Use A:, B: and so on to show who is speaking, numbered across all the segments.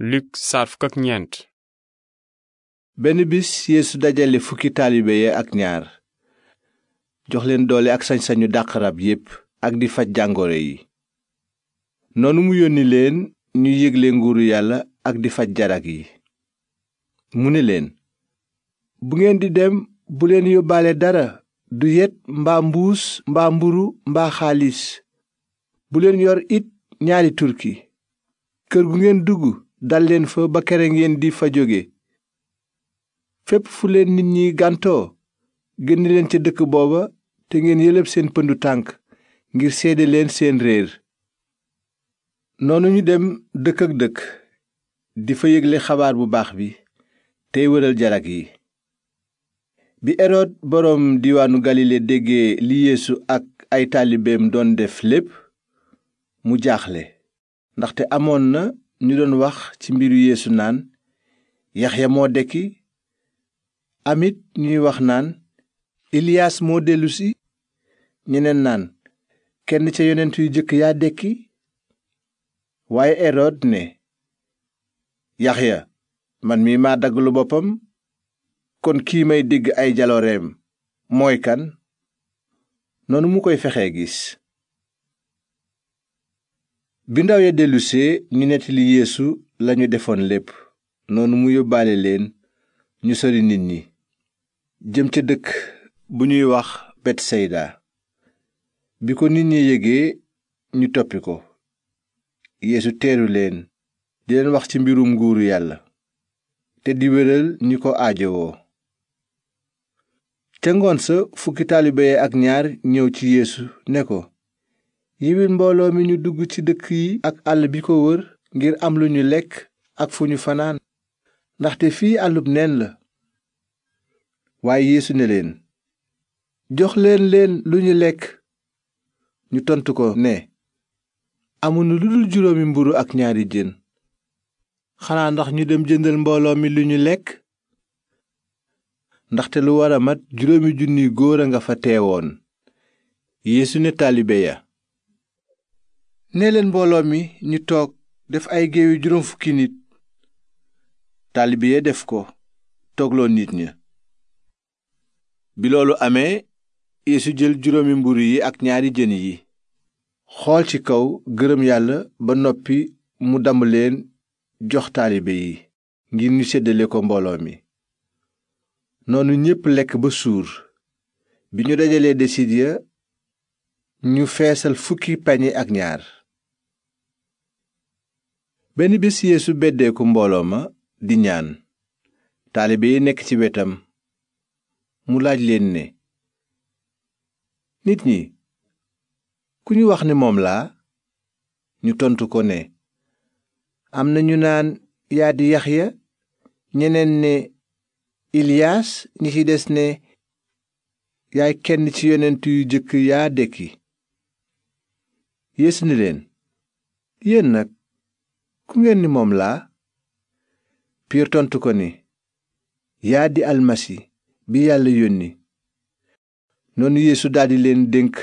A: Luk saar ñeent. benn bis yeesu dajale fukki taalibe ya ak ñaar jox leen doole ak sañ-sañu dàq rab yépp ak di faj jàngoro yi noonu mu yónni leen ñu yégle nguuru yàlla ak di faj jarag yi mu ne leen bu ngeen di dem bu leen yóbbaale dara du yet mbaa mbuus mbaa mburu mbaa xaalis bu leen yor it ñaari turki kër gu ngeen dugg dal leen fa ba kere ngeen di fa jóge fépp fu leen nit ñi gàntoo génn leen ca dëkk booba te ngeen yëlëb seen pëndu tànk ngir seede leen seen réer noonu ñu dem dëkk ak dëkk di fa yëgle xabaar bu baax bi tey wëral jarag yi bi erod boroom diiwaanu galile déggee li yéesu ak ay taalibeem doon def lépp mu jaaxle ndaxte amoon na ñu doon wax ci mbiru yéesu naan yaxya moo dekki amit ñuy wax naan iliyaas moo dellusi ñeneen naan kenn ca yonent yu jëkk yaa dekki waaye erod ne yaxya man mii maa daggalu boppam kon kii may dégg ay jalooreem mooy kan noonu mu koy fexee gis bi ndaw ya dellusee ñu nettali yéesu lañu defoon lépp noonu mu yóbbaale leen ñu sori nit ñi jëm ca dëkk bu ñuy wax betsayda bi ko nit ñi yégee ñu toppi ko yeesu teeru leen di leen wax ci mbirum nguuru yàlla te di wéral ñi ko aajowoo ca ngoon sa fukki taalibe ak ñaar ñëw ci yéesu ne ko yiwil mbooloo mi ñu dugg ci dëkk yi ak àll bi ko wër ngir am lu ñu lekk ak fu ñu fanaan ndaxte fii àllub neen la waaye yeesu ne leen jox leen leen lu ñu lekk ñu tontu ko ne amuñu lu dul juróomi mburu ak ñaari jën xanaa ndax ñu dem jëndal mbooloo mi lu ñu lekk ndaxte lu war a mat juróomi junniy góor a nga fa teewoon yeesu ne taalibe ya nee leen mbooloo mi ñu toog def ay géewi juróom fukki nit taalibe ya def ko toogloo nit ña bi loolu amee yeesu jël juróomi mburu yi ak ñaari jën yi xool ci kaw gërëm yàlla ba noppi mu damm leen jox taalibe yi ngir ñu séddale ko mbooloo mi noonu ñépp lekk ba suur bi ñu dajalee desit ya ñu feesal fukki pañe ak ñaar benn bis yeesu beddeeku mbooloo ma di ñaan taalibe yi nekk ci wetam mu laaj leen ne nit ñi ku ñu wax ni moom laa ñu tontu ko ne am na ñu naan yaa di yaxya ñeneen ne iliyaas ñi ci des ne yaay kenn ci yonent yu jëkk yaa dekki yeesu ni leen yéen nag ku ngeen ni moom laa piyeer tontu ko ni yaa di almasi bi yàlla yónni noonu yeesu daldi leen dénk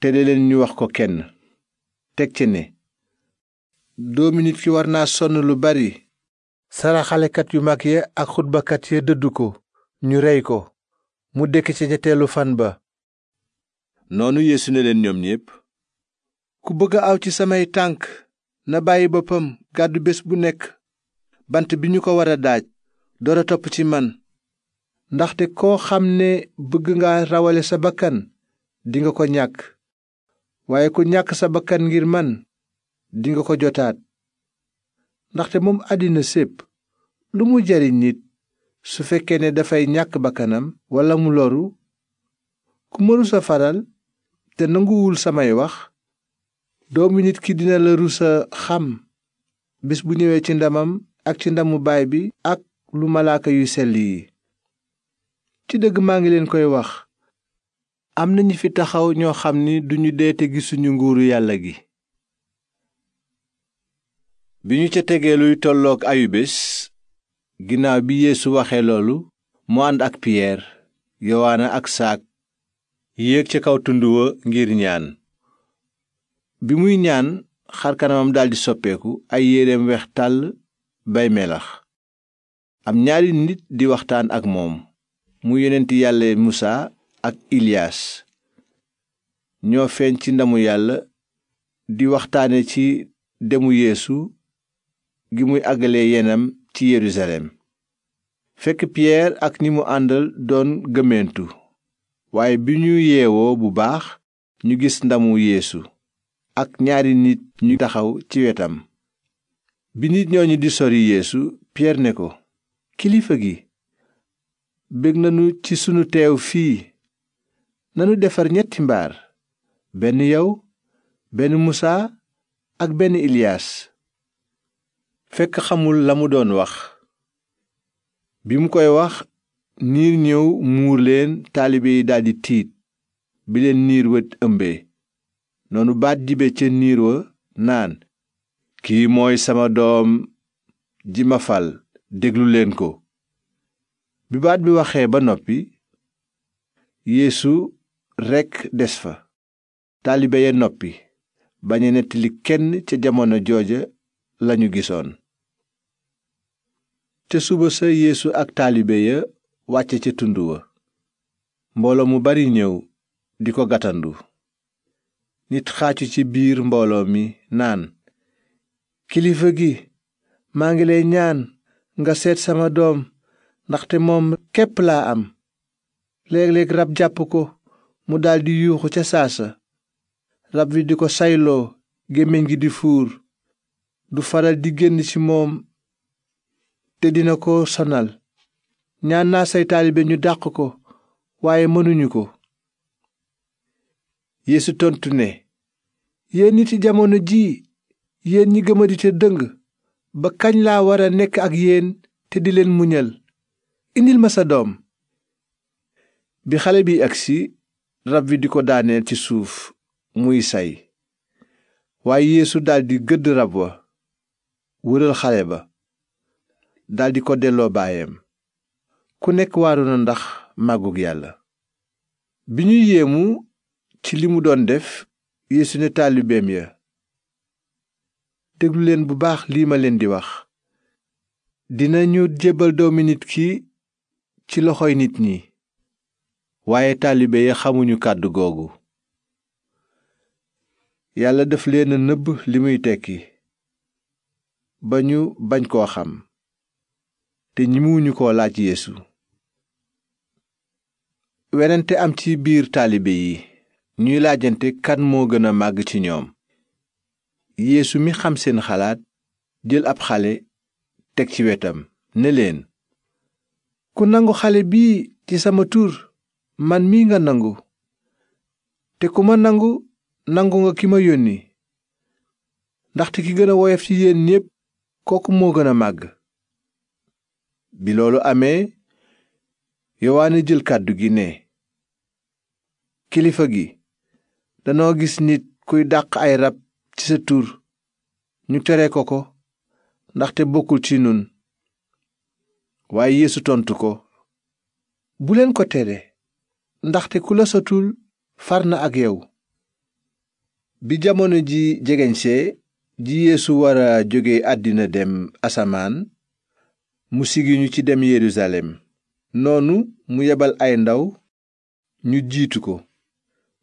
A: tere leen ñu wax ko kenn teg ci ne doomi nit ki war naa sonn lu bari saraxalekat yu mag ya ak xutbakat ya dëdd ko ñu rey ko mu dekk ci ñetteelu fan ba noonu yeesu ne leen ñoom ñépp ku bëgg a aw ci samay tànk na bàyyi boppam gàddu bés bu nekk bant bi ñu ko war a daaj doora topp ci man ndaxte koo xam ne bëgg nga rawale sa bakkan dinga ko ñàkk waaye ko ñàkk sa bakkan ngir man dinga ko jotaat ndaxte moom àddina sépp lu mu jariñ nit su fekkee ne dafay ñàkk bakkanam walla mu loru ku mëru sa faral te nanguwul samay wax doomu nit ki dina la rus a xam bés bu ñëwee ci ndamam ak ci ndamu baay bi ak lu malaaka yu sell yi ci dëgg maa ngi leen koy wax am na ñu fi taxaw ñoo xam ni duñu dee te gisuñu nguuru yàlla gi bi ñu ca tegee luy tolloog ayu bés ginnaaw bi yeesu waxee loolu mu ànd ak piyeer yowaana ak saak yéeg ca kaw tund wa ngir ñaan bi muy ñaan xar kanamam daldi soppeeku ay yéreem weex tàll bay melax am ñaari nit di waxtaan ak moom mu yonent yàlla musa ak iliyaas ñoo feeñ ci ndamu yàlla di waxtaane ci demu yéesu gi muy àggalee yenam ci yerusalem fekk piyeer ak ni mu àndal doon gëmmentu waaye bi ñu yeewoo bu baax ñu gis ndamu yéesu ak ñaari nit ñu taxaw ci wetam bi nit ñooñu di sori yeesu piyeer ne ko kilifa gi bég nanu ci sunu teew fii nanu defar ñetti mbaar benn yow benn musaa ak benn iliyaas fekk xamul la mu doon wax bi mu koy wax niir ñëw muur leen taalibe yi daldi tiit bi leen niir wët ëmbe noonu baat jibe ca niir wa naan kii mooy sama doom ji ma fal déglu leen ko bi baat bi waxee ba noppi yéesu rekk des fa taalibe ya noppi bañ a nettali kenn ca jamono jooja lañu gisoon ca suba sa yéesu ak taalibe ya wàcce ca tund wa mbooloo mu bari ñëw di ko gatandu nit xaacu ci biir mbooloo mi naan kilifa gi maa ngi lay ñaan nga seet sama doom ndaxte moom képp laa am léeg-léeg rab jàpp ko mu daldi yuuxu ca saasa rab wi di ko sayloo gémmiñ gi di fuur du faral di génn ci moom te dina ko sonal ñaan naa say taalibe ñu dàq ko waaye mënuñu ko Yeesu tontu ne yéen nit yi jamono ji yéen ñi gëmadi te dëng ba kañ laa war a nekk ak yéen te di leen muñal indil ma sa doom bi xale bi agsi rab wi di ko daaneel ci suuf muy say waaye yéesu daldi gëdd rab wa wëral xale ba daldi ko delloo baayam ku nekk waaru na ndax màggug yàlla bi ñuy yéemu ci li mu doon def yeesu ne taalibeem ya déglu leen bu baax lii ma leen di wax dinañu jébbal doomi nit ki ci loxoy nit ñi waaye taalibe yi xamuñu kàddu googu yàlla daf leen a nëbb li muy tekki ba ñu bañ koo xam te ñimuwuñu koo laaj yeesu ñuy laajante kan moo gën a màgg ci ñoom yeesu mi xam seen xalaat jël ab xale teg ci wetam ne leen ku nangu xale bii ci sama tur man mi nga nangu te ku ma nangu nangu nga ki ma yónni ndaxte ki gën a woyof ci yéen ñépp kooku moo gën a màgg bi loolu amee yowaane jël kàddu gi ne kilifa gi danoo gis nit kuy dàq ay rab ci sa tur ñu tere ko ko ndaxte bokkul ci nun waaye Yeesu tontu ko buleen leen ko tere ndaxte ku la sotul far na ak yow bi jamono ji jegeñsee ji yéesu war a jóge àddina dem asamaan mu sigiñu ci dem Yerusalem noonu mu yebal ay ndaw ñu jiitu ko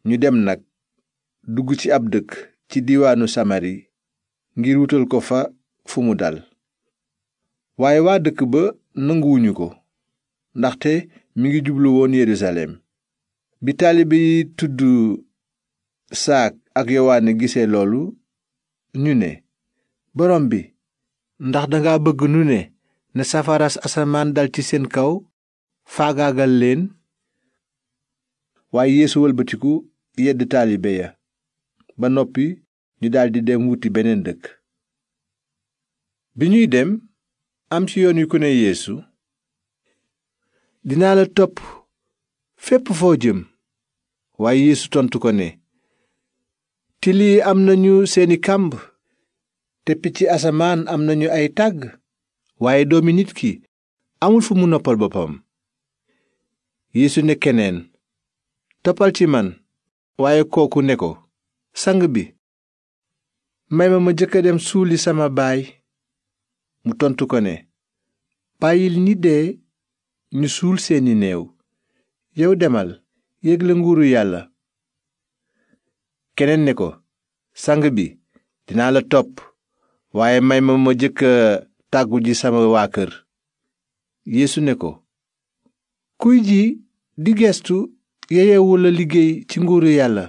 A: ñu dem nag dugg ci ab dëkk ci diwaanu samari ngir wutal ko fa fu mu dal waaye waa dëkk ba nanguwuñu ko ndaxte mi ngi jublu woon yerusalem bi taalibe yi tudd saak ak yowaane gisee loolu ñu ne borom bi ndax danga bëgg nu ne na safara asamaan dal ci seen kaw faagaagal leen waaye yéesu wëlbatiku yedd taalibe ya ba noppi ñu daldi dem wuti beneen dëkk bi ñuy dem am ci yoon wi ku ne yéesu dinaa la topp fépp foo jëm waaye yeesu tontu ko ne till yi am nañu seeni kàmb te picc asamaan am nañu ay tàgg waaye doomi nit ki amul fu mu noppal boppam yeesu ne keneen toppal ci man waaye kooku ne ko sang bi may ma ma jëkk dem suuli sama baay mu tontu ko ne bàyyil ñi dee ñu suul seeni néew yow demal yégle nguuru yàlla keneen ne ko sang bi dinaa la topp waaye may ma ma jëkk tàggu ji sama waa kër yeesu ne ko kuy ji di gestu yeyewul la liggéey ci nguuru yàlla